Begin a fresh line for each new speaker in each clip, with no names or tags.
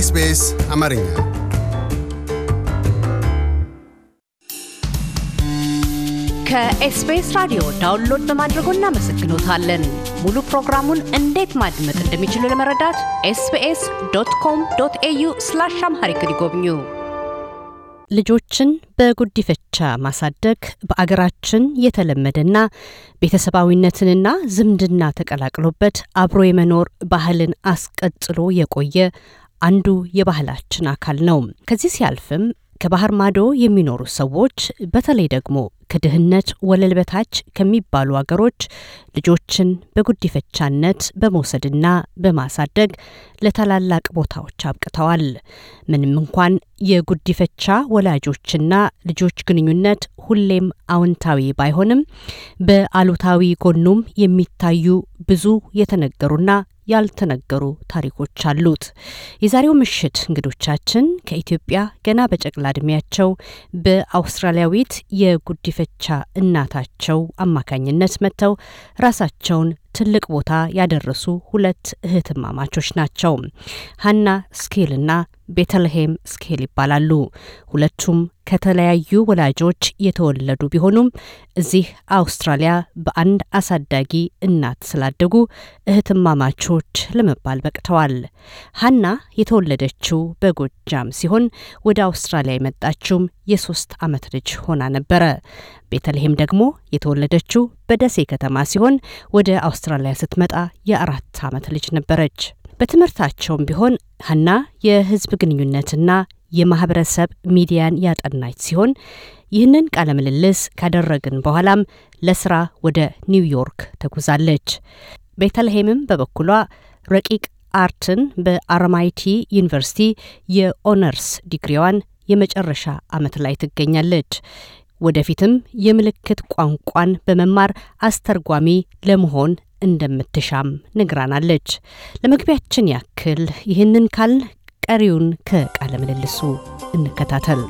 ኤስቢኤስ አማርኛ ከኤስቢኤስ ራዲዮ ዳውንሎድ በማድረጎ እናመሰግኖታለን። ሙሉ ፕሮግራሙን እንዴት ማድመጥ እንደሚችሉ ለመረዳት ኤስቢኤስ ዶት ኮም ዶት ኤዩ ስላሽ አምሃሪክ ይጎብኙ። ልጆችን በጉዲፈቻ ማሳደግ በአገራችን የተለመደና ቤተሰባዊነትንና ዝምድና ተቀላቅሎበት አብሮ የመኖር ባህልን አስቀጥሎ የቆየ አንዱ የባህላችን አካል ነው። ከዚህ ሲያልፍም ከባህር ማዶ የሚኖሩ ሰዎች በተለይ ደግሞ ከድህነት ወለል በታች ከሚባሉ አገሮች ልጆችን በጉዲፈቻነት በመውሰድና በማሳደግ ለታላላቅ ቦታዎች አብቅተዋል። ምንም እንኳን የጉዲፈቻ ወላጆችና ልጆች ግንኙነት ሁሌም አዎንታዊ ባይሆንም በአሉታዊ ጎኑም የሚታዩ ብዙ የተነገሩና ያልተነገሩ ታሪኮች አሉት። የዛሬው ምሽት እንግዶቻችን ከኢትዮጵያ ገና በጨቅላ ዕድሜያቸው በአውስትራሊያዊት የጉዲፈቻ እናታቸው አማካኝነት መጥተው ራሳቸውን ትልቅ ቦታ ያደረሱ ሁለት እህትማማቾች ናቸው። ሀና ስኬልና ቤተልሔም ስኬል ይባላሉ። ሁለቱም ከተለያዩ ወላጆች የተወለዱ ቢሆኑም እዚህ አውስትራሊያ በአንድ አሳዳጊ እናት ስላደጉ እህትማማቾች ለመባል በቅተዋል። ሀና የተወለደችው በጎጃም ሲሆን ወደ አውስትራሊያ የመጣችውም የሶስት ዓመት ልጅ ሆና ነበረ። ቤተልሔም ደግሞ የተወለደችው በደሴ ከተማ ሲሆን ወደ አውስትራሊያ ስትመጣ የአራት ዓመት ልጅ ነበረች። በትምህርታቸውም ቢሆን ሀና የህዝብ ግንኙነትና የማህበረሰብ ሚዲያን ያጠናች ሲሆን ይህንን ቃለ ምልልስ ካደረግን በኋላም ለስራ ወደ ኒውዮርክ ተጉዛለች። ቤተልሔምም በበኩሏ ረቂቅ አርትን በአርማይቲ ዩኒቨርሲቲ የኦነርስ ዲግሪዋን የመጨረሻ ዓመት ላይ ትገኛለች። ወደፊትም የምልክት ቋንቋን በመማር አስተርጓሚ ለመሆን እንደምትሻም ነግራናለች። ለመግቢያችን ያክል ይህንን ካል ቀሪውን ከቃለ ምልልሱ እንከታተል።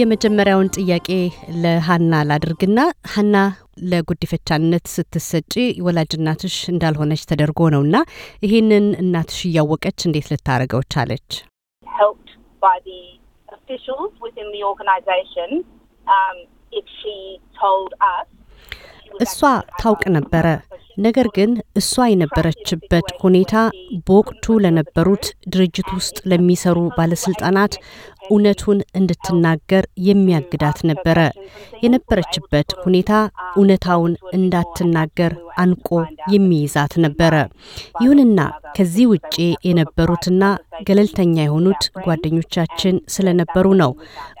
የመጀመሪያውን ጥያቄ ለሀና ላድርግና ሀና ለጉዲፈቻነት ስትሰጪ ወላጅ እናትሽ እንዳልሆነች ተደርጎ ነውና ይህንን እናትሽ እያወቀች እንዴት ልታደርገው ቻለች? Um, እሷ ታውቅ ነበረ። ነገር ግን እሷ የነበረችበት ሁኔታ በወቅቱ ለነበሩት ድርጅት ውስጥ ለሚሰሩ ባለስልጣናት እውነቱን እንድትናገር የሚያግዳት ነበረ። የነበረችበት ሁኔታ እውነታውን እንዳትናገር አንቆ የሚይዛት ነበረ። ይሁንና ከዚህ ውጪ የነበሩትና ገለልተኛ የሆኑት ጓደኞቻችን ስለነበሩ ነው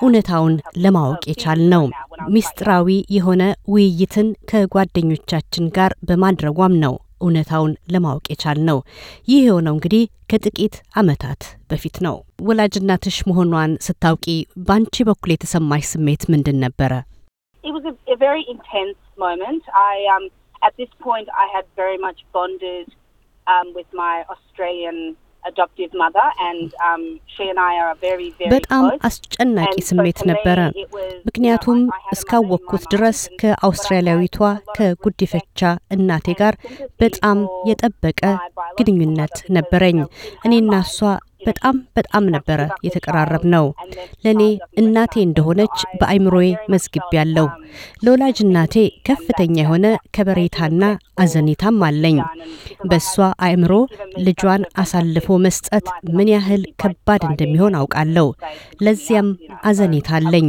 እውነታውን ለማወቅ የቻል ነው። ሚስጥራዊ የሆነ ውይይትን ከጓደኞቻችን ጋር በማድረጓም ነው እውነታውን ለማወቅ የቻል ነው። ይህ የሆነው እንግዲህ ከጥቂት ዓመታት በፊት ነው። ወላጅ እናትሽ መሆኗን ስታውቂ በአንቺ በኩል የተሰማሽ ስሜት ምንድን ነበረ?
Um, በጣም
አስጨናቂ ስሜት ነበረ። ምክንያቱም እስካወቅኩት ድረስ ከአውስትራሊያዊቷ ከጉዲፈቻ እናቴ ጋር በጣም የጠበቀ ግንኙነት ነበረኝ። እኔና እሷ በጣም በጣም ነበረ የተቀራረብ ነው። ለእኔ እናቴ እንደሆነች በአይምሮዬ መዝግብ ያለው ለወላጅ እናቴ ከፍተኛ የሆነ ከበሬታና አዘኔታም አለኝ። በእሷ አእምሮ ልጇን አሳልፎ መስጠት ምን ያህል ከባድ እንደሚሆን አውቃለሁ። ለዚያም አዘኔታ አለኝ።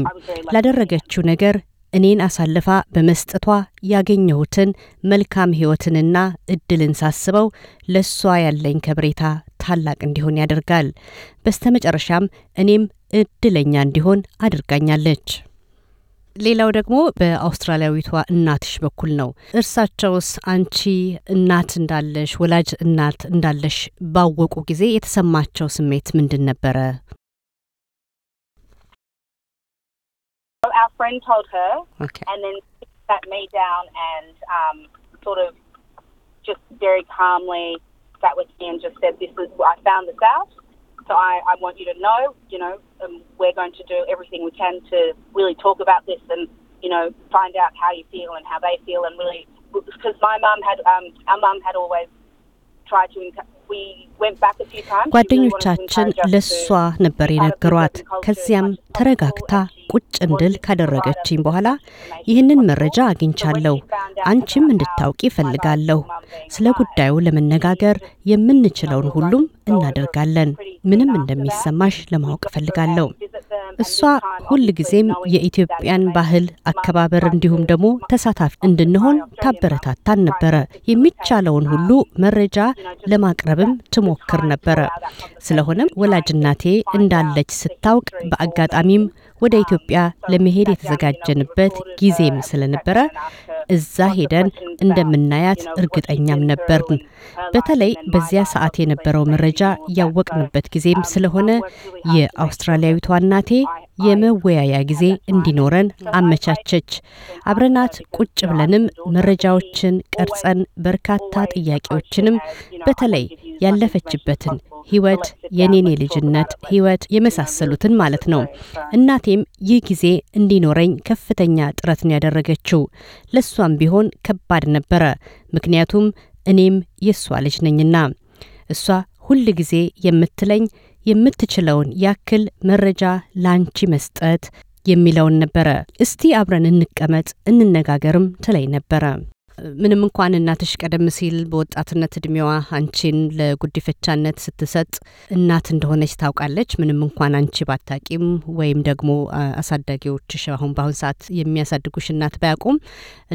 ላደረገችው ነገር እኔን አሳልፋ በመስጠቷ ያገኘሁትን መልካም ሕይወትንና እድልን ሳስበው ለእሷ ያለኝ ከብሬታ ታላቅ እንዲሆን ያደርጋል። በስተመጨረሻም እኔም እድለኛ እንዲሆን አድርጋኛለች። ሌላው ደግሞ በአውስትራሊያዊቷ እናትሽ በኩል ነው። እርሳቸውስ አንቺ እናት እንዳለሽ ወላጅ እናት እንዳለሽ ባወቁ ጊዜ የተሰማቸው ስሜት ምንድን ነበረ?
our friend told her, okay. and then sat me down and um, sort of just very calmly sat with me and just said, "This is I found this out, so I, I want you to know. You know, and we're going to do everything we can to really talk about this and you know find out how you feel and how they feel and really because my mum had um, our mum had always tried to We ጓደኞቻችን
back ነበር የነገሯት። ከዚያም ተረጋግታ ቁጭ እንድል ካደረገችኝ በኋላ ይህንን መረጃ አግኝቻለሁ፣ አንቺም እንድታውቂ ይፈልጋለሁ። ስለ ጉዳዩ ለመነጋገር የምንችለውን ሁሉም እናደርጋለን። ምንም እንደሚሰማሽ ለማወቅ እፈልጋለሁ። እሷ ሁል ጊዜም የኢትዮጵያን ባህል አከባበር፣ እንዲሁም ደግሞ ተሳታፊ እንድንሆን ታበረታታን ነበረ። የሚቻለውን ሁሉ መረጃ ለማቅረብም ትሞክር ነበረ። ስለሆነም ወላጅናቴ እንዳለች ስታውቅ በአጋጣሚም ወደ ኢትዮጵያ ለመሄድ የተዘጋጀንበት ጊዜም ስለነበረ እዛ ሄደን እንደምናያት እርግጠኛም ነበርን። በተለይ በዚያ ሰዓት የነበረው መረጃ ያወቅንበት ጊዜም ስለሆነ የአውስትራሊያዊቷ እናቴ የመወያያ ጊዜ እንዲኖረን አመቻቸች። አብረናት ቁጭ ብለንም መረጃዎችን ቀርጸን በርካታ ጥያቄዎችንም በተለይ ያለፈችበትን ህይወት፣ የኔኔ ልጅነት ህይወት የመሳሰሉትን ማለት ነው። እናቴም ይህ ጊዜ እንዲኖረኝ ከፍተኛ ጥረትን ያደረገችው ለእሷም ቢሆን ከባድ ነበረ። ምክንያቱም እኔም የእሷ ልጅ ነኝና እሷ ሁል ጊዜ የምትለኝ የምትችለውን ያክል መረጃ ላንቺ መስጠት የሚለውን ነበረ። እስቲ አብረን እንቀመጥ እንነጋገርም ትለይ ነበረ። ምንም እንኳን እናትሽ ቀደም ሲል በወጣትነት እድሜዋ አንቺን ለጉዲፈቻነት ስትሰጥ እናት እንደሆነች ታውቃለች። ምንም እንኳን አንቺ ባታቂም ወይም ደግሞ አሳዳጊዎችሽ አሁን በአሁን ሰዓት የሚያሳድጉሽ እናት ባያውቁም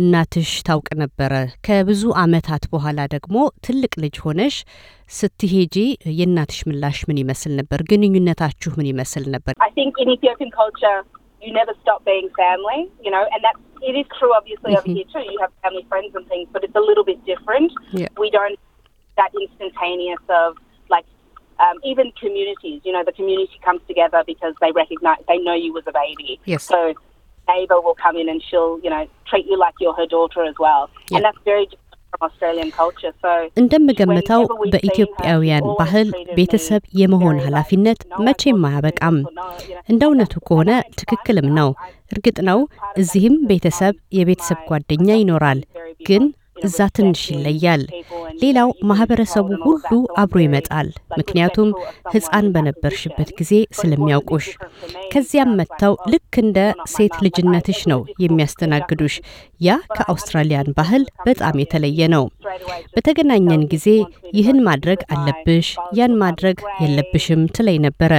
እናትሽ ታውቅ ነበረ። ከብዙ አመታት በኋላ ደግሞ ትልቅ ልጅ ሆነሽ ስትሄጂ የእናትሽ ምላሽ ምን ይመስል ነበር? ግንኙነታችሁ ምን ይመስል ነበር?
it is true, obviously, mm-hmm. over here too. You have family, friends, and things, but it's a little bit different. Yeah. We don't that instantaneous of like um, even communities. You know, the community comes together because they recognize they know you as a baby. Yes. So neighbor will come in and she'll you know treat you like you're her daughter as well, yeah. and that's very
እንደምገምተው በኢትዮጵያውያን ባህል ቤተሰብ የመሆን ኃላፊነት መቼም አያበቃም። እንደ እውነቱ ከሆነ ትክክልም ነው። እርግጥ ነው እዚህም ቤተሰብ የቤተሰብ ጓደኛ ይኖራል፣ ግን እዛ ትንሽ ይለያል። ሌላው ማህበረሰቡ ሁሉ አብሮ ይመጣል። ምክንያቱም ህፃን በነበርሽበት ጊዜ ስለሚያውቁሽ፣ ከዚያም መጥተው ልክ እንደ ሴት ልጅነትሽ ነው የሚያስተናግዱሽ። ያ ከአውስትራሊያን ባህል በጣም የተለየ ነው። በተገናኘን ጊዜ ይህን ማድረግ አለብሽ፣ ያን ማድረግ የለብሽም ትለይ ነበረ።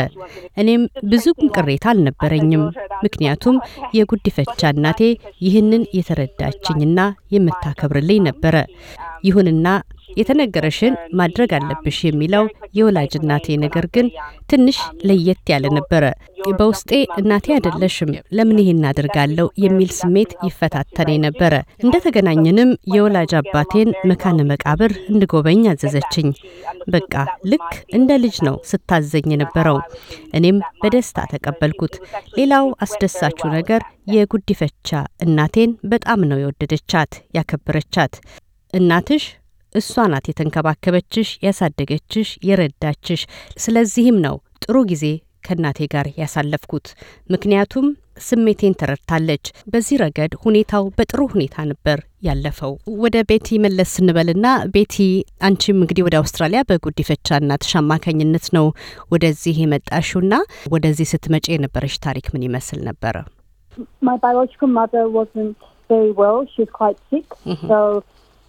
እኔም ብዙም ቅሬታ አልነበረኝም፣ ምክንያቱም የጉዲፈቻ እናቴ ይህንን የተረዳችኝና የምታከብርልኝ ነበረ። ይሁንና የተነገረሽን ማድረግ አለብሽ የሚለው የወላጅ እናቴ ነገር ግን ትንሽ ለየት ያለ ነበረ። በውስጤ እናቴ አይደለሽም ለምን ይሄን አድርጋለሁ የሚል ስሜት ይፈታተኔ ነበረ። እንደተገናኘንም የወላጅ አባቴን መካነ መቃብር እንድጎበኝ አዘዘችኝ። በቃ ልክ እንደ ልጅ ነው ስታዘኝ የነበረው። እኔም በደስታ ተቀበልኩት። ሌላው አስደሳችው ነገር የጉዲፈቻ እናቴን በጣም ነው የወደደቻት ያከበረቻት። እናትሽ እሷ ናት የተንከባከበችሽ፣ ያሳደገችሽ፣ የረዳችሽ። ስለዚህም ነው ጥሩ ጊዜ ከእናቴ ጋር ያሳለፍኩት። ምክንያቱም ስሜቴን ተረድታለች። በዚህ ረገድ ሁኔታው በጥሩ ሁኔታ ነበር ያለፈው። ወደ ቤቲ መለስ ስንበልና ቤቲ አንቺም እንግዲህ ወደ አውስትራሊያ በጉዲፈቻ እናትሽ አማካኝነት ነው ወደዚህ የመጣሽውና ወደዚህ ስትመጪ የነበረሽ ታሪክ ምን ይመስል ነበረ?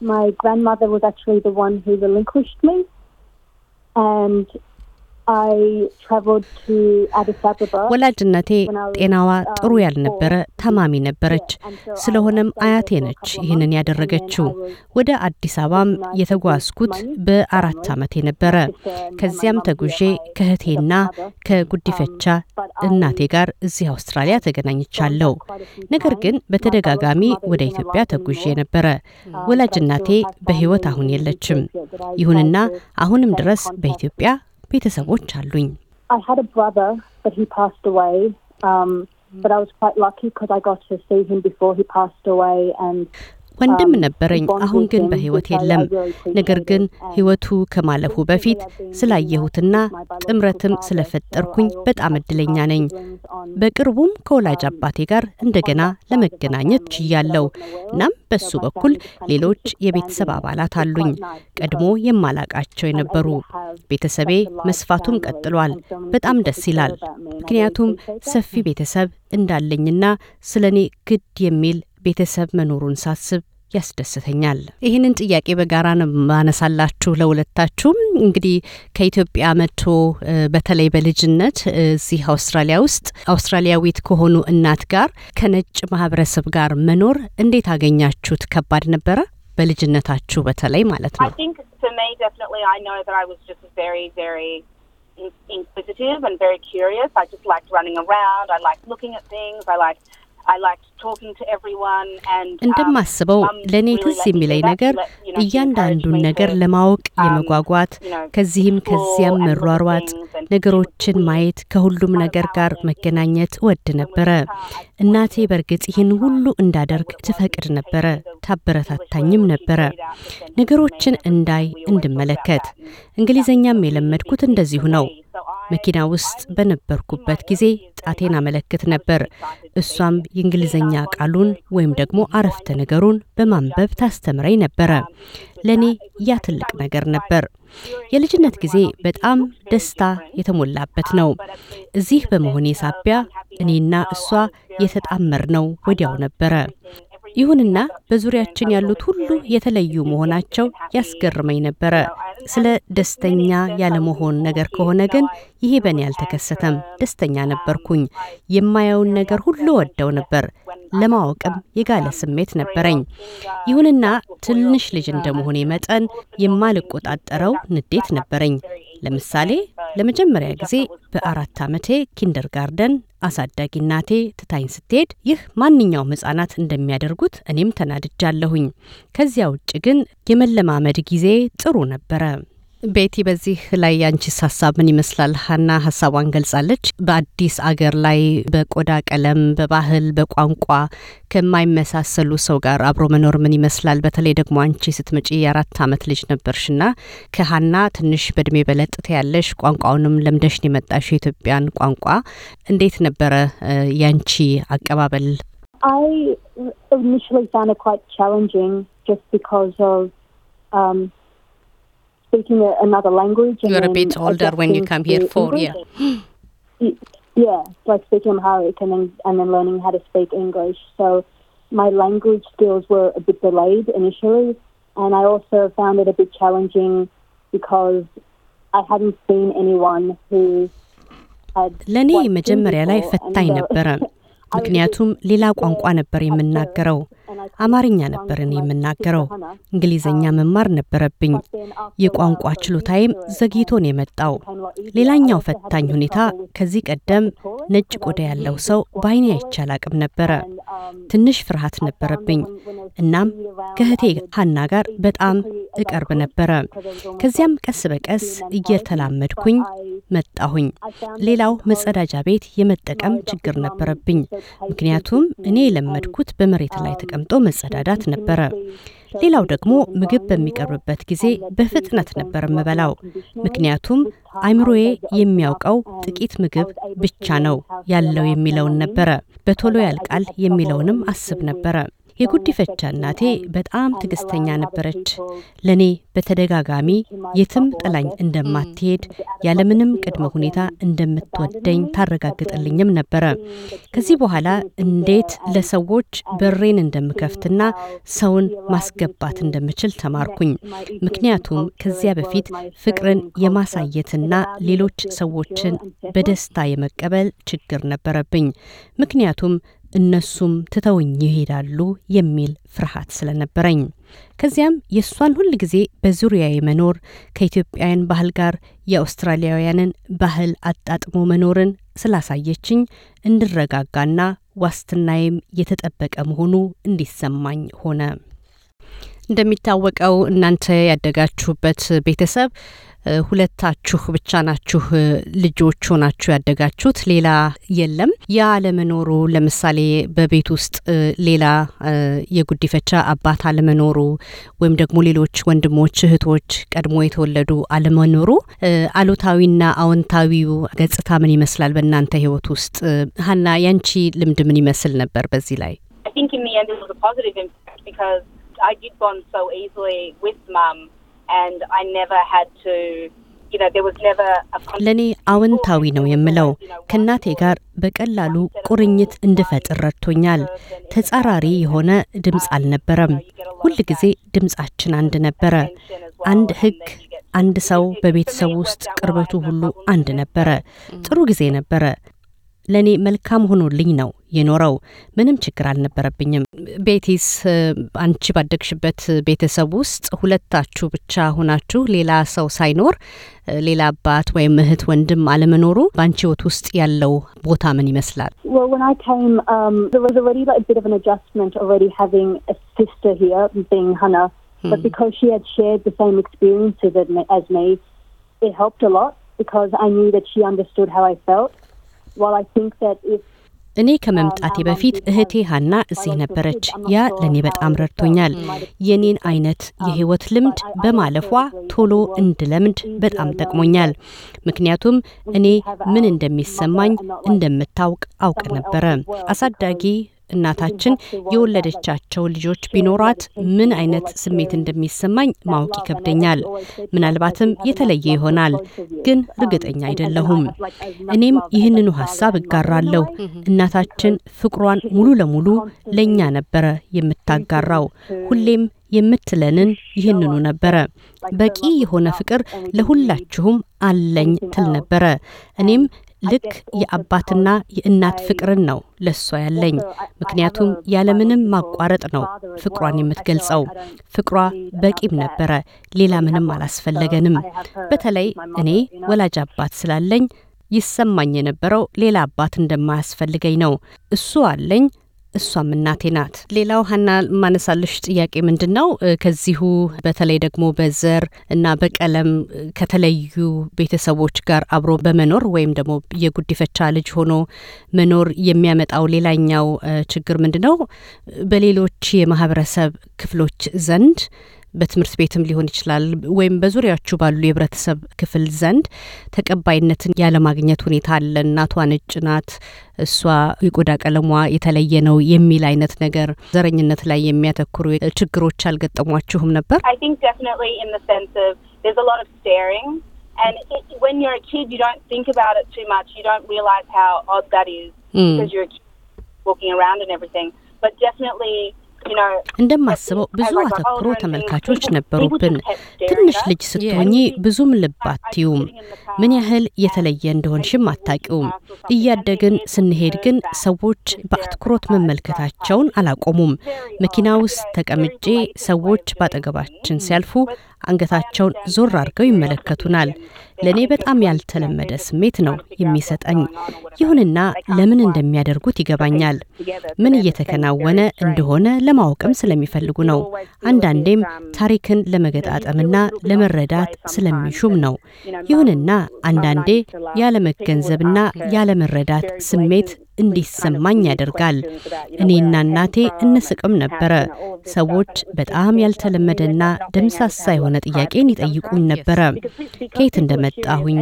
my grandmother was actually the one who relinquished me, and ወላጅነቴ ጤናዋ ጥሩ um,
ያልነበረ ታማሚ ነበረች። ስለሆነም አያቴ ነች ይህንን ያደረገችው። ወደ አዲስ አበባም የተጓዝኩት um, በአራት ዓመቴ ነበረ። ከዚያም ተጉዤ ከእህቴና ከጉዲፈቻ um, እናቴ ጋር እዚህ አውስትራሊያ ተገናኝቻለሁ። ነገር ግን በተደጋጋሚ ወደ ኢትዮጵያ ተጉዤ ነበረ። እናቴ በሕይወት አሁን የለችም። ይሁንና አሁንም ድረስ በኢትዮጵያ I
had a brother, but he passed away. Um, but I was quite lucky because I got to see him before he passed away. And
ወንድም um, ነበረኝ፣ አሁን ግን በህይወት የለም። ነገር ግን ህይወቱ ከማለፉ በፊት ስላየሁትና ጥምረትም ስለፈጠርኩኝ በጣም እድለኛ um, ነኝ። በቅርቡም ከወላጅ አባቴ ጋር እንደገና ለመገናኘት ችያለው። እናም በሱ በኩል ሌሎች የቤተሰብ አባላት አሉኝ፣ ቀድሞ የማላቃቸው የነበሩ። ቤተሰቤ መስፋቱም ቀጥሏል። በጣም ደስ ይላል፣ ምክንያቱም ሰፊ ቤተሰብ እንዳለኝና ስለ እኔ ግድ የሚል ቤተሰብ መኖሩን ሳስብ ያስደስተኛል። ይህንን ጥያቄ በጋራ ነው ማነሳላችሁ ለሁለታችሁም። እንግዲህ ከኢትዮጵያ መጥቶ በተለይ በልጅነት እዚህ አውስትራሊያ ውስጥ አውስትራሊያዊት ከሆኑ እናት ጋር ከነጭ ማህበረሰብ ጋር መኖር እንዴት አገኛችሁት? ከባድ ነበረ? በልጅነታችሁ በተለይ ማለት ነው።
inquisitive and very curious. I just liked running around. I liked looking at things. I liked Um, እንደማስበው ለእኔ ትዝ የሚለኝ ነገር
እያንዳንዱን ነገር ለማወቅ um, የመጓጓት ከዚህም ከዚያም መሯሯጥ፣ ነገሮችን ማየት፣ ከሁሉም ነገር ጋር መገናኘት እወድ ነበረ። እናቴ በእርግጥ ይህን ሁሉ እንዳደርግ ትፈቅድ ነበረ፣ ታበረታታኝም ነበረ። ነገሮችን እንዳይ፣ እንድመለከት። እንግሊዘኛም የለመድኩት እንደዚሁ ነው። መኪና ውስጥ በነበርኩበት ጊዜ ጣቴን አመለክት ነበር። እሷም የእንግሊዝኛ ቃሉን ወይም ደግሞ አረፍተ ነገሩን በማንበብ ታስተምረኝ ነበረ። ለእኔ ያ ትልቅ ነገር ነበር። የልጅነት ጊዜ በጣም ደስታ የተሞላበት ነው። እዚህ በመሆኔ ሳቢያ እኔና እሷ የተጣመር ነው ወዲያው ነበረ። ይሁንና በዙሪያችን ያሉት ሁሉ የተለዩ መሆናቸው ያስገርመኝ ነበረ። ስለ ደስተኛ ያለመሆን ነገር ከሆነ ግን ይሄ በእኔ አልተከሰተም። ደስተኛ ነበርኩኝ። የማየውን ነገር ሁሉ ወደው ነበር። ለማወቅም የጋለ ስሜት ነበረኝ። ይሁንና ትንሽ ልጅ እንደመሆኔ መጠን የማልቆጣጠረው ንዴት ነበረኝ። ለምሳሌ ለመጀመሪያ ጊዜ በአራት ዓመቴ ኪንደር ጋርደን አሳዳጊ እናቴ ትታኝ ስትሄድ ይህ ማንኛውም ሕጻናት እንደሚያደርጉት እኔም ተናድጃለሁኝ። ከዚያ ውጭ ግን የመለማመድ ጊዜ ጥሩ ነበረ። ቤቲ፣ በዚህ ላይ ያንቺስ ሀሳብ ምን ይመስላል? ሀና ሀሳቧን ገልጻለች። በአዲስ አገር ላይ በቆዳ ቀለም፣ በባህል፣ በቋንቋ ከማይመሳሰሉ ሰው ጋር አብሮ መኖር ምን ይመስላል? በተለይ ደግሞ አንቺ ስትመጪ የአራት አመት ልጅ ነበርሽና ከሀና ትንሽ በእድሜ በለጥት ያለሽ ቋንቋውንም ለምደሽ የመጣሽ የኢትዮጵያን ቋንቋ እንዴት ነበረ ያንቺ አቀባበል?
አይ initially found it quite challenging just speaking a, another language. You're a bit older when you come here for, English. yeah. Yeah, like speaking Amharic and then, and then learning how to speak English. So my language skills were a bit delayed initially. And I also found it a bit challenging because I hadn't seen anyone who ለእኔ መጀመሪያ ላይ ፈታኝ ነበረ።
ምክንያቱም ሌላ ቋንቋ ነበር የምናገረው። አማርኛ ነበርን የምናገረው። እንግሊዝኛ መማር ነበረብኝ። የቋንቋ ችሎታዬም ዘግይቶን የመጣው። ሌላኛው ፈታኝ ሁኔታ ከዚህ ቀደም ነጭ ቆዳ ያለው ሰው በአይኔ አይቻል አቅም ነበረ። ትንሽ ፍርሃት ነበረብኝ። እናም ከእህቴ ሀና ጋር በጣም እቀርብ ነበረ። ከዚያም ቀስ በቀስ እየተላመድኩኝ መጣሁኝ። ሌላው መጸዳጃ ቤት የመጠቀም ችግር ነበረብኝ። ምክንያቱም እኔ የለመድኩት በመሬት ላይ ተቀ ተቀምጦ መጸዳዳት ነበረ። ሌላው ደግሞ ምግብ በሚቀርብበት ጊዜ በፍጥነት ነበር የምበላው፣ ምክንያቱም አይምሮዬ የሚያውቀው ጥቂት ምግብ ብቻ ነው ያለው የሚለውን ነበረ። በቶሎ ያልቃል የሚለውንም አስብ ነበረ። የጉዲፈቻ እናቴ በጣም ትዕግስተኛ ነበረች። ለእኔ በተደጋጋሚ የትም ጥላኝ እንደማትሄድ ያለምንም ቅድመ ሁኔታ እንደምትወደኝ ታረጋግጥልኝም ነበረ። ከዚህ በኋላ እንዴት ለሰዎች በሬን እንደምከፍትና ሰውን ማስገባት እንደምችል ተማርኩኝ። ምክንያቱም ከዚያ በፊት ፍቅርን የማሳየትና ሌሎች ሰዎችን በደስታ የመቀበል ችግር ነበረብኝ። ምክንያቱም እነሱም ትተውኝ ይሄዳሉ የሚል ፍርሃት ስለነበረኝ ከዚያም የእሷን ሁል ጊዜ በዙሪያ መኖር ከኢትዮጵያውያን ባህል ጋር የአውስትራሊያውያንን ባህል አጣጥሞ መኖርን ስላሳየችኝ እንድረጋጋና ዋስትናዬም የተጠበቀ መሆኑ እንዲሰማኝ ሆነ። እንደሚታወቀው እናንተ ያደጋችሁበት ቤተሰብ ሁለታችሁ ብቻ ናችሁ ልጆች ሆናችሁ ያደጋችሁት፣ ሌላ የለም። ያ አለመኖሩ ለምሳሌ በቤት ውስጥ ሌላ የጉዲፈቻ አባት አለመኖሩ ወይም ደግሞ ሌሎች ወንድሞች፣ እህቶች ቀድሞ የተወለዱ አለመኖሩ አሉታዊና አዎንታዊው ገጽታ ምን ይመስላል በእናንተ ህይወት ውስጥ? ሀና ያንቺ ልምድ ምን ይመስል ነበር በዚህ ላይ?
I did bond so easily with mum, and I never had to.
ለእኔ አዎንታዊ ነው የምለው ከእናቴ ጋር በቀላሉ ቁርኝት እንድፈጥር ረድቶኛል። ተጻራሪ የሆነ ድምፅ አልነበረም። ሁል ጊዜ ድምፃችን አንድ ነበረ። አንድ ህግ አንድ ሰው፣ በቤተሰብ ውስጥ ቅርበቱ ሁሉ አንድ ነበረ። ጥሩ ጊዜ ነበረ። ለእኔ መልካም ሆኖልኝ ነው የኖረው። ምንም ችግር አልነበረብኝም። ቤቲስ፣ አንቺ ባደግሽበት ቤተሰብ ውስጥ ሁለታችሁ ብቻ ሆናችሁ ሌላ ሰው ሳይኖር ሌላ አባት ወይም እህት ወንድም አለመኖሩ በአንቺ ወት ውስጥ ያለው
ቦታ ምን ይመስላል?
እኔ ከመምጣቴ um, በፊት እህቴ ሀና እዚህ ነበረች። ያ ለእኔ በጣም ረድቶኛል። የኔን um, አይነት የህይወት ልምድ በማለፏ ቶሎ እንድለምድ በጣም ጠቅሞኛል። ምክንያቱም እኔ ምን እንደሚሰማኝ እንደምታውቅ አውቅ ነበረ። አሳዳጊ እናታችን የወለደቻቸው ልጆች ቢኖሯት ምን አይነት ስሜት እንደሚሰማኝ ማወቅ ይከብደኛል። ምናልባትም የተለየ ይሆናል፣ ግን እርግጠኛ አይደለሁም። እኔም ይህንኑ ሀሳብ እጋራለሁ። እናታችን ፍቅሯን ሙሉ ለሙሉ ለእኛ ነበረ የምታጋራው ሁሌም የምትለንን ይህንኑ ነበረ። በቂ የሆነ ፍቅር ለሁላችሁም አለኝ ትል ነበረ። እኔም ልክ የአባትና የእናት ፍቅርን ነው ለሷ ያለኝ። ምክንያቱም ያለምንም ማቋረጥ ነው ፍቅሯን የምትገልጸው። ፍቅሯ በቂም ነበረ፣ ሌላ ምንም አላስፈለገንም። በተለይ እኔ ወላጅ አባት ስላለኝ ይሰማኝ የነበረው ሌላ አባት እንደማያስፈልገኝ ነው። እሱ አለኝ እሷም እናቴ ናት። ሌላው ሀና ማነሳለሽ ጥያቄ ምንድን ነው ከዚሁ በተለይ ደግሞ በዘር እና በቀለም ከተለዩ ቤተሰቦች ጋር አብሮ በመኖር ወይም ደግሞ የጉዲፈቻ ልጅ ሆኖ መኖር የሚያመጣው ሌላኛው ችግር ምንድን ነው? በሌሎች የማህበረሰብ ክፍሎች ዘንድ በትምህርት ቤትም ሊሆን ይችላል ወይም በዙሪያችሁ ባሉ የህብረተሰብ ክፍል ዘንድ ተቀባይነትን ያለማግኘት ሁኔታ አለ። ናቷ ነጭ ናት፣ እሷ የቆዳ ቀለሟ የተለየ ነው የሚል አይነት ነገር፣ ዘረኝነት ላይ የሚያተኩሩ ችግሮች አልገጠሟችሁም ነበር? Mm. እንደማስበው ብዙ አተኩሮ ተመልካቾች ነበሩብን። ትንሽ ልጅ ስትሆኚ ብዙም ልብ አትዩም። ምን ያህል የተለየ እንደሆንሽም አታቂውም። እያደግን ስንሄድ ግን ሰዎች በአትኩሮት መመልከታቸውን አላቆሙም። መኪና ውስጥ ተቀምጬ ሰዎች ባጠገባችን ሲያልፉ አንገታቸውን ዞር አድርገው ይመለከቱናል። ለእኔ በጣም ያልተለመደ ስሜት ነው የሚሰጠኝ። ይሁንና ለምን እንደሚያደርጉት ይገባኛል። ምን እየተከናወነ እንደሆነ ለማወቅም ስለሚፈልጉ ነው። አንዳንዴም ታሪክን ለመገጣጠምና ለመረዳት ስለሚሹም ነው። ይሁንና አንዳንዴ ያለመገንዘብና ያለመረዳት ስሜት እንዲሰማኝ ያደርጋል። እኔና እናቴ እንስቅም ነበረ። ሰዎች በጣም ያልተለመደና ደምሳሳ የሆነ ጥያቄን ይጠይቁኝ ነበረ። ከየት እንደመጣሁኝ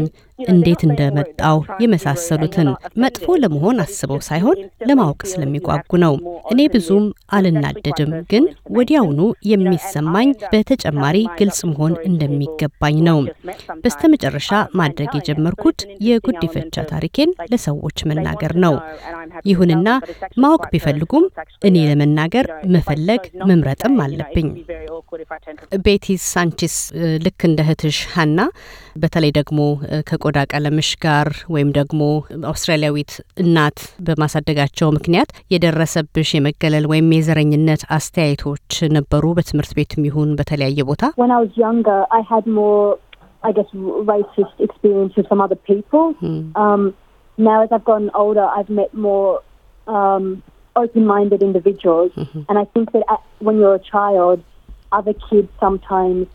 እንዴት እንደመጣው የመሳሰሉትን መጥፎ ለመሆን አስበው ሳይሆን ለማወቅ ስለሚጓጉ ነው። እኔ ብዙም አልናደድም፣ ግን ወዲያውኑ የሚሰማኝ በተጨማሪ ግልጽ መሆን እንደሚገባኝ ነው። በስተመጨረሻ ማድረግ የጀመርኩት የጉዲፈቻ ታሪኬን ለሰዎች መናገር ነው። ይሁንና ማወቅ ቢፈልጉም እኔ ለመናገር መፈለግ መምረጥም አለብኝ። ቤቲ ሳንቺስ ልክ እንደ እህትሽ ሀና When I was younger,
I had more, I guess racist experiences from other people. Hmm. Um, now, as I've gotten older, I've met more um, open minded individuals. Mm-hmm. And I think that uh, when you're a child, other kids sometimes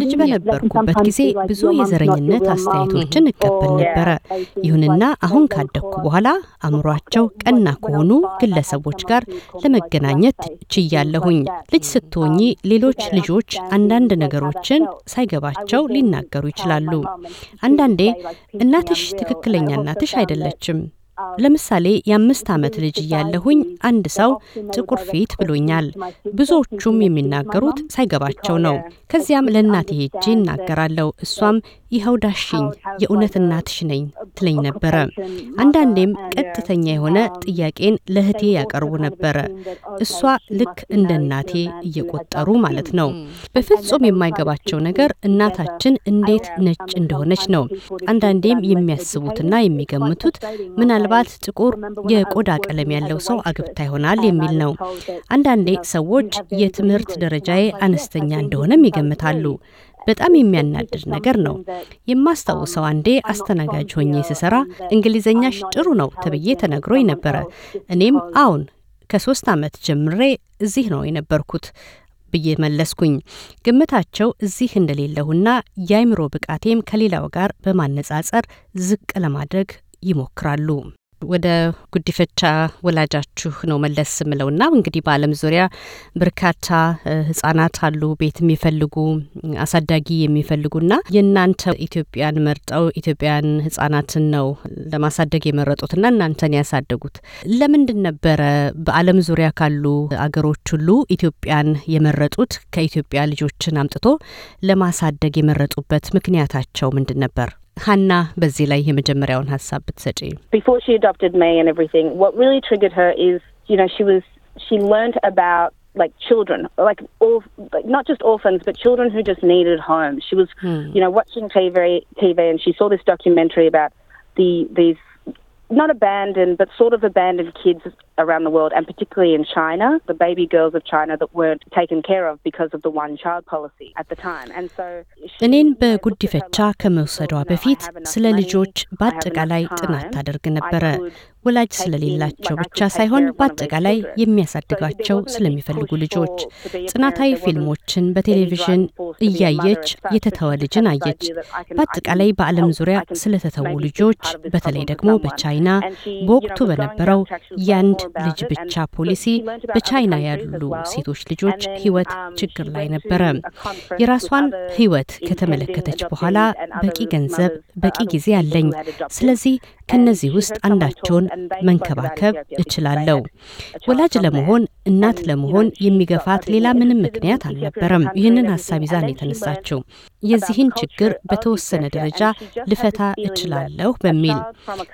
ልጅ በነበርኩበት ጊዜ ብዙ የዘረኝነት አስተያየቶችን እቀበል ነበረ።
ይሁንና አሁን ካደግኩ በኋላ አእምሯቸው ቀና ከሆኑ ግለሰቦች ጋር ለመገናኘት ችያለሁኝ። ልጅ ስትሆኚ um, ሌሎች ልጆች አንዳንድ ነገሮችን ሳይገባቸው ሊናገሩ ይችላሉ። አንዳንዴ እናትሽ ትክክለኛ እናትሽ አይደለችም ለምሳሌ የአምስት ዓመት ልጅ እያለሁኝ አንድ ሰው ጥቁር ፊት ብሎኛል። ብዙዎቹም የሚናገሩት ሳይገባቸው ነው። ከዚያም ለእናቴ ሄጄ እናገራለሁ። እሷም ይኸው ዳሽኝ የእውነት እናትሽ ነኝ ትለኝ ነበረ። አንዳንዴም ቀጥተኛ የሆነ ጥያቄን ለእህቴ ያቀርቡ ነበረ። እሷ ልክ እንደ እናቴ እየቆጠሩ ማለት ነው። በፍጹም የማይገባቸው ነገር እናታችን እንዴት ነጭ እንደሆነች ነው። አንዳንዴም የሚያስቡትና የሚገምቱት ምናልባት ጥቁር የቆዳ ቀለም ያለው ሰው አግብታ ይሆናል የሚል ነው። አንዳንዴ ሰዎች የትምህርት ደረጃዬ አነስተኛ እንደሆነም ይገምታሉ። በጣም የሚያናድድ ነገር ነው። የማስታውሰው አንዴ አስተናጋጅ ሆኜ ስሰራ እንግሊዘኛሽ ጥሩ ነው ተብዬ ተነግሮኝ ነበረ። እኔም አሁን ከሶስት ዓመት ጀምሬ እዚህ ነው የነበርኩት ብዬ መለስኩኝ። ግምታቸው እዚህ እንደሌለሁና የአይምሮ ብቃቴም ከሌላው ጋር በማነጻጸር ዝቅ ለማድረግ ይሞክራሉ። ወደ ጉዲፈቻ ወላጃችሁ ነው መለስ ስምለው ና እንግዲህ በዓለም ዙሪያ በርካታ ህጻናት አሉ ቤት የሚፈልጉ አሳዳጊ የሚፈልጉ ና የእናንተ ኢትዮጵያን መርጠው ኢትዮጵያን ህጻናትን ነው ለማሳደግ የመረጡት ና እናንተን ያሳደጉት ለምንድን ነበረ? በዓለም ዙሪያ ካሉ አገሮች ሁሉ ኢትዮጵያን የመረጡት ከኢትዮጵያ ልጆችን አምጥቶ ለማሳደግ የመረጡበት ምክንያታቸው ምንድን ነበር? Before she
adopted me and everything, what really triggered her is, you know, she was she learned about like children, like all, like not just orphans, but children who just needed home. She was, hmm. you know, watching TV, TV, and she saw this documentary about the these not abandoned, but sort of abandoned kids around the world, and particularly in China, the baby girls of China that weren't taken care of because of the one child policy at the time. And so
እኔን በጉዲፈቻ ከመውሰዷ በፊት ስለ ልጆች በአጠቃላይ ጥናት ታደርግ ነበረ። ወላጅ ስለሌላቸው ብቻ ሳይሆን በአጠቃላይ የሚያሳድጋቸው ስለሚፈልጉ ልጆች ጽናታዊ ፊልሞችን በቴሌቪዥን እያየች የተተወ ልጅን አየች። በአጠቃላይ በዓለም ዙሪያ ስለተተዉ ልጆች በተለይ ደግሞ በቻይና በወቅቱ በነበረው የአንድ ልጅ ብቻ ፖሊሲ በቻይና ያሉ ሴቶች ልጆች ሕይወት ችግር ላይ ነበረ። የራሷን ሕይወት ከተመለከተች በኋላ በቂ ገንዘብ፣ በቂ um, ጊዜ አለኝ፣ ስለዚህ ከነዚህ ውስጥ አንዳቸውን መንከባከብ እችላለሁ። ወላጅ ለመሆን እናት ለመሆን የሚገፋት ሌላ ምንም ምክንያት አልነበረም። ይህንን ሀሳብ ይዛን የተነሳችው የዚህን ችግር በተወሰነ ደረጃ ልፈታ እችላለሁ በሚል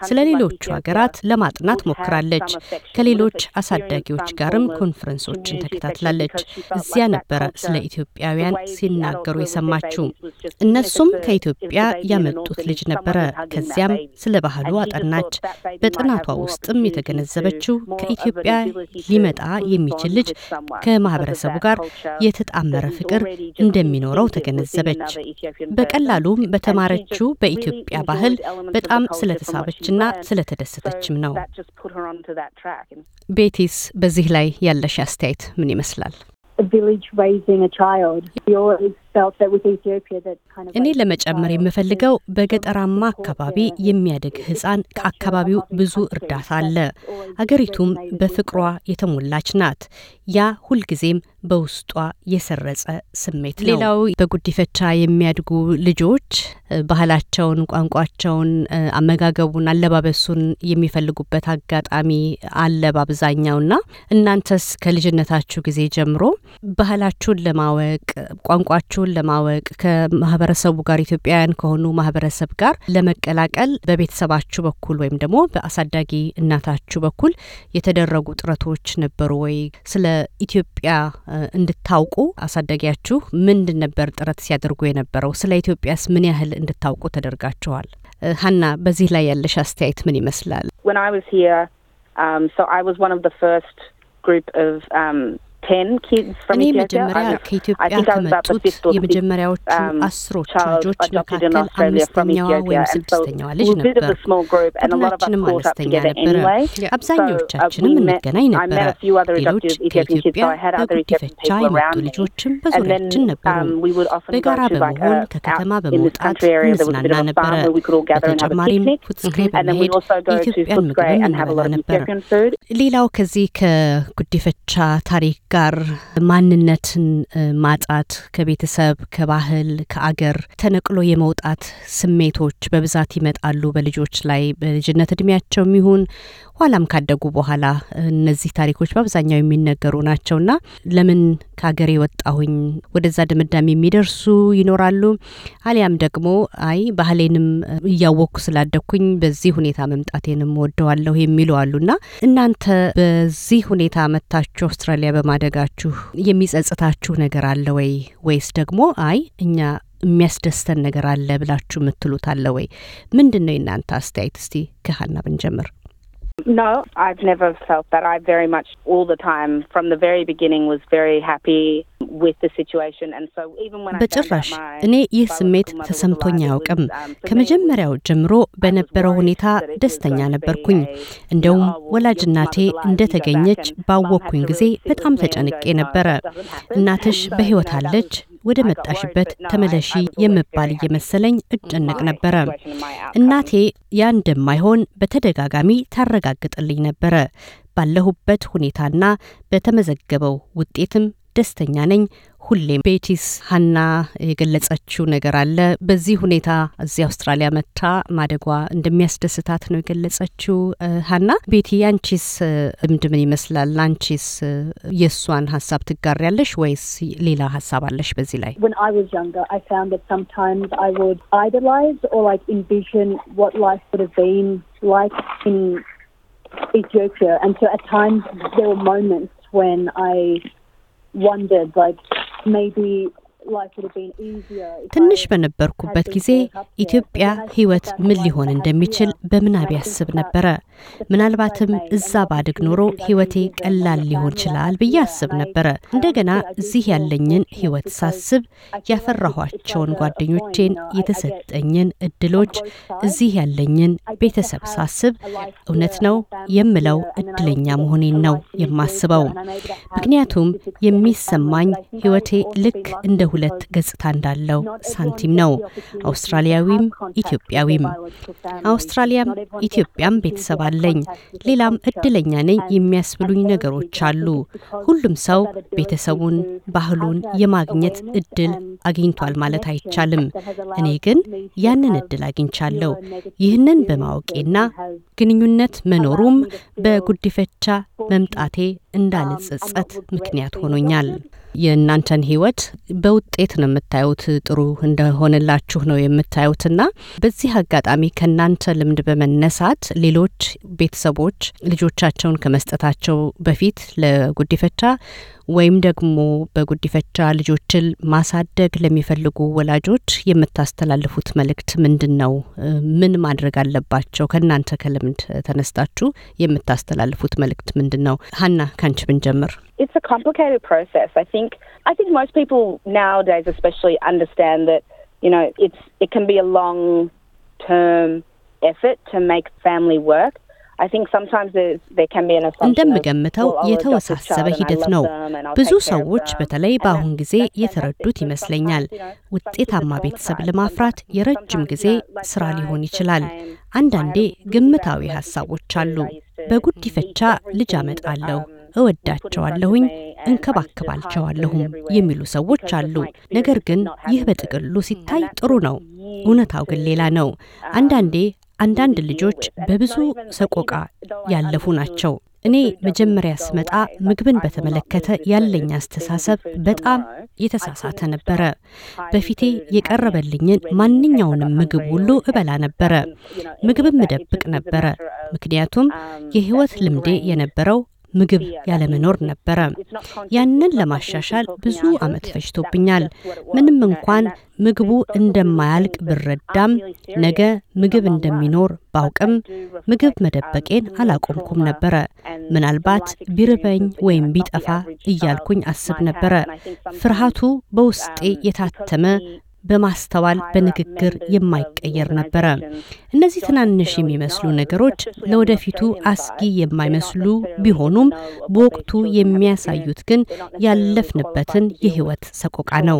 ስለ ሌሎቹ ሀገራት ለማጥናት ሞክራለች። ከሌሎች አሳዳጊዎች ጋርም ኮንፈረንሶችን ተከታትላለች። እዚያ ነበረ ስለ ኢትዮጵያውያን ሲናገሩ የሰማችው። እነሱም ከኢትዮጵያ ያመጡት ልጅ ነበረ። ከዚያም ስለ ባህሉ አጠናች። በጥናቱ ውስጥም የተገነዘበችው ከኢትዮጵያ ሊመጣ የሚችል ልጅ ከማህበረሰቡ ጋር የተጣመረ ፍቅር እንደሚኖረው ተገነዘበች። በቀላሉም በተማረችው በኢትዮጵያ ባህል በጣም ስለተሳበችና ስለተደሰተችም ነው። ቤቲስ፣ በዚህ ላይ ያለሽ አስተያየት ምን ይመስላል? እኔ ለመጨመር የምፈልገው በገጠራማ አካባቢ የሚያድግ ህፃን ከአካባቢው ብዙ እርዳታ አለ። አገሪቱም በፍቅሯ የተሞላች ናት። ያ ሁልጊዜም በውስጧ የሰረጸ ስሜት ነው። ሌላው በጉዲፈቻ የሚያድጉ ልጆች ባህላቸውን፣ ቋንቋቸውን፣ አመጋገቡን፣ አለባበሱን የሚፈልጉበት አጋጣሚ አለ በአብዛኛውና እናንተስ ከልጅነታችሁ ጊዜ ጀምሮ ባህላችሁን ለማወቅ ቋንቋችሁ ባህላቸውን ለማወቅ ከማህበረሰቡ ጋር ኢትዮጵያውያን ከሆኑ ማህበረሰብ ጋር ለመቀላቀል በቤተሰባችሁ በኩል ወይም ደግሞ በአሳዳጊ እናታችሁ በኩል የተደረጉ ጥረቶች ነበሩ ወይ? ስለ ኢትዮጵያ እንድታውቁ አሳዳጊያችሁ ምንድን ነበር ጥረት ሲያደርጉ የነበረው? ስለ ኢትዮጵያስ ምን ያህል እንድታውቁ ተደርጋችኋል? ሀና፣ በዚህ ላይ ያለሽ አስተያየት ምን ይመስላል?
እኔ መጀመሪያ ከኢትዮጵያ ከመጡት
የመጀመሪያዎቹ um, አስሮቹ ልጆች መካከል አምስተኛዋ ወይም ስድስተኛዋ ልጅ ነበር።
ቡድናችንም አነስተኛ ነበረ። uh, አብዛኛዎቻችንም እንገናኝ ነበረ። ሌሎች ከኢትዮጵያ በጉዲፈቻ የመጡ
ልጆችም በዙሪያችን ነበሩ። um, በጋራ
በመሆን uh, ከከተማ በመውጣት እንዝናና ነበረ። በተጨማሪም ፉትስክሬ በመሄድ የኢትዮጵያን ምግብን እንበላ ነበር።
ሌላው ከዚህ ከጉዲፈቻ ታሪክ ጋር ማንነትን ማጣት፣ ከቤተሰብ ከባህል፣ ከአገር ተነቅሎ የመውጣት ስሜቶች በብዛት ይመጣሉ በልጆች ላይ በልጅነት እድሜያቸውም ይሁን ኋላም ካደጉ በኋላ እነዚህ ታሪኮች በአብዛኛው የሚነገሩ ና ለምን ከሀገር የወጣሁኝ ወደዛ ድምዳሜ የሚደርሱ ይኖራሉ። አሊያም ደግሞ አይ ባህሌንም እያወቅኩ ስላደግኩኝ በዚህ ሁኔታ መምጣቴንም ወደዋለሁ የሚሉ ና እናንተ በዚህ ሁኔታ መታችሁ አውስትራሊያ በማ በማደጋችሁ የሚጸጽታችሁ ነገር አለ ወይ? ወይስ ደግሞ አይ እኛ የሚያስደስተን ነገር አለ ብላችሁ የምትሉት አለ ወይ? ምንድን ነው የእናንተ አስተያየት? እስቲ ከሀና ብንጀምር።
No, I've never felt that. I very much, all the time, from the very beginning, was very happy with the situation. And so even
when በጭራሽ እኔ ይህ ስሜት ተሰምቶኝ አያውቅም። ከመጀመሪያው ጀምሮ በነበረው ሁኔታ ደስተኛ ነበርኩኝ። እንደውም ወላጅ እናቴ እንደተገኘች ባወቅኩኝ ጊዜ በጣም ተጨንቄ ነበረ። እናትሽ በሕይወት አለች ወደ መጣሽበት ተመለሺ የምባል እየመሰለኝ እጨነቅ ነበረ። እናቴ ያ እንደማይሆን በተደጋጋሚ ታረጋግጥልኝ ነበረ። ባለሁበት ሁኔታና በተመዘገበው ውጤትም ደስተኛ ነኝ። ሁሌም ቤቲስ ሀና የገለጸችው ነገር አለ። በዚህ ሁኔታ እዚህ አውስትራሊያ መታ ማደጓ እንደሚያስደስታት ነው የገለጸችው። ሀና ቤቲ፣ አንቺስ ልምድ ምን ይመስላል? አንቺስ የእሷን ሀሳብ ያለሽ ወይስ ሌላ ሀሳብ አለሽ በዚህ ላይ?
ኢትዮጵያ wondered, like maybe
ትንሽ በነበርኩበት ጊዜ ኢትዮጵያ ህይወት ምን ሊሆን እንደሚችል በምናብ ያስብ ነበረ። ምናልባትም እዛ ባድግ ኖሮ ህይወቴ ቀላል ሊሆን ይችላል ብዬ አስብ ነበረ። እንደገና እዚህ ያለኝን ህይወት ሳስብ ያፈራኋቸውን ጓደኞቼን፣ የተሰጠኝን እድሎች፣ እዚህ ያለኝን ቤተሰብ ሳስብ እውነት ነው የምለው እድለኛ መሆኔን ነው የማስበው። ምክንያቱም የሚሰማኝ ህይወቴ ልክ እንደ ሁለት ገጽታ እንዳለው ሳንቲም ነው። አውስትራሊያዊም ኢትዮጵያዊም። አውስትራሊያም ኢትዮጵያም ቤተሰብ አለኝ፣ ሌላም እድለኛ ነኝ የሚያስብሉኝ ነገሮች አሉ። ሁሉም ሰው ቤተሰቡን፣ ባህሉን የማግኘት እድል አግኝቷል ማለት አይቻልም። እኔ ግን ያንን እድል አግኝቻለሁ። ይህንን በማወቄና ግንኙነት መኖሩም በጉድፈቻ መምጣቴ እንዳልጸጸት ምክንያት ሆኖኛል። የእናንተን ህይወት በውጤት ነው የምታዩት፣ ጥሩ እንደሆነላችሁ ነው የምታዩትና በዚህ አጋጣሚ ከእናንተ ልምድ በመነሳት ሌሎች ቤተሰቦች ልጆቻቸውን ከመስጠታቸው በፊት ለጉዲፈቻ ወይም ደግሞ በጉዲፈቻ ልጆችን ማሳደግ ለሚፈልጉ ወላጆች የምታስተላልፉት መልእክት ምንድን ነው? ምን ማድረግ አለባቸው? ከእናንተ ከልምድ ተነስታችሁ የምታስተላልፉት መልእክት ምንድን ነው? ሀና ከአንቺ ብንጀምር።
It's a complicated process. I think I think most people nowadays especially understand that, you know, it's it can be a long term effort to make family work. እንደምገምተው የተወሳሰበ ሂደት ነው። ብዙ
ሰዎች በተለይ በአሁን ጊዜ የተረዱት ይመስለኛል። ውጤታማ ቤተሰብ ለማፍራት የረጅም ጊዜ ስራ ሊሆን ይችላል። አንዳንዴ ግምታዊ ሀሳቦች አሉ። በጉዲፈቻ ልጅ አመጣለሁ እወዳቸዋለሁኝ፣ እንከባከባቸዋለሁም የሚሉ ሰዎች አሉ። ነገር ግን ይህ በጥቅሉ ሲታይ ጥሩ ነው። እውነታው ግን ሌላ ነው። አንዳንዴ አንዳንድ ልጆች በብዙ ሰቆቃ ያለፉ ናቸው። እኔ መጀመሪያ ስመጣ ምግብን በተመለከተ ያለኝ አስተሳሰብ በጣም የተሳሳተ ነበረ። በፊቴ የቀረበልኝን ማንኛውንም ምግብ ሁሉ እበላ ነበረ። ምግብም እደብቅ ነበረ፣ ምክንያቱም የህይወት ልምዴ የነበረው ምግብ ያለመኖር ነበረ። ያንን ለማሻሻል ብዙ ዓመት ፈጅቶብኛል። ምንም እንኳን ምግቡ እንደማያልቅ ብረዳም፣ ነገ ምግብ እንደሚኖር ባውቅም ምግብ መደበቄን አላቆምኩም ነበረ። ምናልባት ቢርበኝ ወይም ቢጠፋ እያልኩኝ አስብ ነበረ። ፍርሃቱ በውስጤ የታተመ በማስተዋል በንግግር የማይቀየር ነበረ። እነዚህ ትናንሽ የሚመስሉ ነገሮች ለወደፊቱ አስጊ የማይመስሉ ቢሆኑም በወቅቱ የሚያሳዩት ግን ያለፍንበትን የህይወት ሰቆቃ ነው።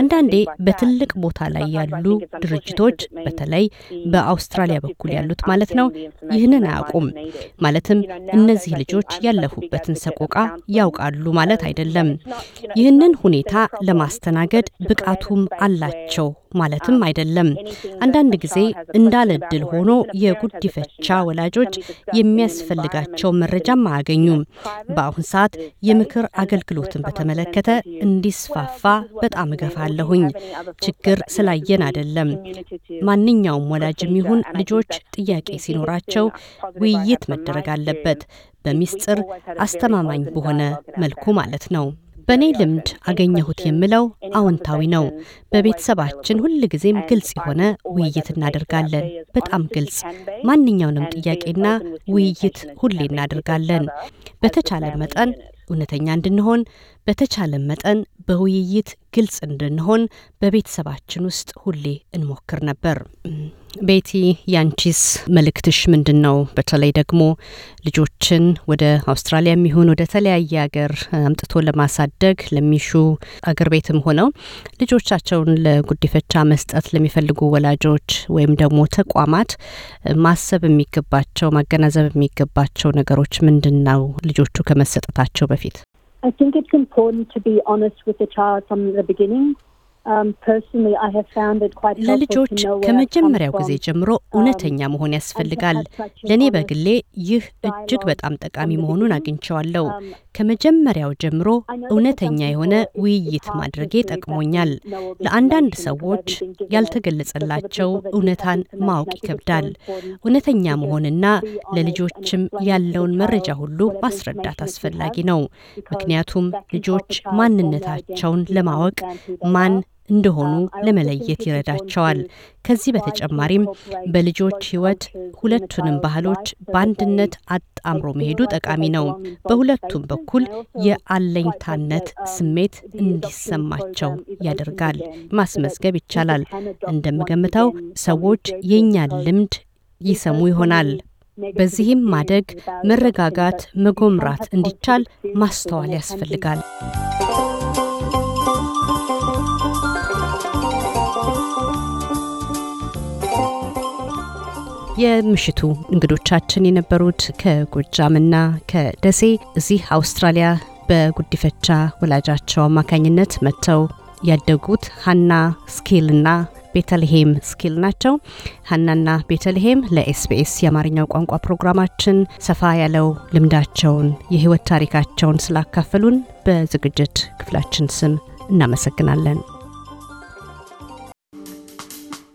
አንዳንዴ በትልቅ ቦታ ላይ ያሉ ድርጅቶች በተለይ በአውስትራሊያ በኩል ያሉት ማለት ነው ይህንን አያውቁም። ማለትም እነዚህ ልጆች ያለፉበትን ሰቆቃ ያውቃሉ ማለት አይደለም። ይህንን ሁኔታ ለማስተናገድ ብቃቱም አላ ናቸው ማለትም አይደለም። አንዳንድ ጊዜ እንዳለ እድል ሆኖ የጉዲፈቻ ወላጆች የሚያስፈልጋቸው መረጃም አያገኙም። በአሁን ሰዓት የምክር አገልግሎትን በተመለከተ እንዲስፋፋ በጣም እገፋለሁኝ። ችግር ስላየን አይደለም። ማንኛውም ወላጅም ይሁን ልጆች ጥያቄ ሲኖራቸው ውይይት መደረግ አለበት። በሚስጥር አስተማማኝ በሆነ መልኩ ማለት ነው። በእኔ ልምድ አገኘሁት የምለው አዎንታዊ ነው። በቤተሰባችን ጊዜም ግልጽ የሆነ ውይይት እናደርጋለን። በጣም ግልጽ ማንኛውንም ጥያቄና ውይይት ሁሌ እናደርጋለን። በተቻለ መጠን እውነተኛ እንድንሆን በተቻለ መጠን በውይይት ግልጽ እንድንሆን በቤተሰባችን ውስጥ ሁሌ እንሞክር ነበር። ቤቲ ያንቺስ መልእክትሽ ምንድን ነው? በተለይ ደግሞ ልጆችን ወደ አውስትራሊያ የሚሆን ወደ ተለያየ ሀገር አምጥቶ ለማሳደግ ለሚሹ አገር ቤትም ሆነው ልጆቻቸውን ለጉዲፈቻ መስጠት ለሚፈልጉ ወላጆች ወይም ደግሞ ተቋማት ማሰብ የሚገባቸው ማገናዘብ የሚገባቸው ነገሮች ምንድን ነው? ልጆቹ ከመሰጠታቸው በፊት
I think it's important to be honest with the child from the beginning. Um, ለልጆች ከመጀመሪያው ጊዜ ጀምሮ
um, እውነተኛ መሆን ያስፈልጋል። ለእኔ በግሌ ይህ እጅግ በጣም ጠቃሚ መሆኑን አግኝቸዋለሁ። um, ከመጀመሪያው ጀምሮ እውነተኛ የሆነ ውይይት ማድረጌ ጠቅሞኛል። ለአንዳንድ ሰዎች ያልተገለጸላቸው እውነታን ማወቅ ይከብዳል። እውነተኛ መሆንና ለልጆችም ያለውን መረጃ ሁሉ ማስረዳት አስፈላጊ ነው። ምክንያቱም ልጆች ማንነታቸውን ለማወቅ ማን እንደሆኑ uh, ለመለየት ይረዳቸዋል። ከዚህ በተጨማሪም በልጆች ህይወት ሁለቱንም ባህሎች በአንድነት አጣምሮ መሄዱ ጠቃሚ ነው። በሁለቱም በኩል የአለኝታነት uh, ስሜት እንዲሰማቸው ያደርጋል። ማስመዝገብ ይቻላል። እንደምገምተው ሰዎች የእኛን ልምድ ይሰሙ ይሆናል። በዚህም ማደግ፣ መረጋጋት፣ መጎምራት እንዲቻል ማስተዋል ያስፈልጋል። የምሽቱ እንግዶቻችን የነበሩት ከጎጃምና ከደሴ እዚህ አውስትራሊያ በጉዲፈቻ ወላጃቸው አማካኝነት መጥተው ያደጉት ሀና ስኪልና ቤተልሔም ስኪል ናቸው። ሀናና ቤተልሔም ለኤስቢኤስ የአማርኛው ቋንቋ ፕሮግራማችን ሰፋ ያለው ልምዳቸውን፣ የህይወት ታሪካቸውን ስላካፈሉን በዝግጅት ክፍላችን ስም እናመሰግናለን።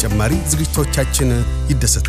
በተጨማሪ
ዝግጅቶቻችን ይደሰቱ።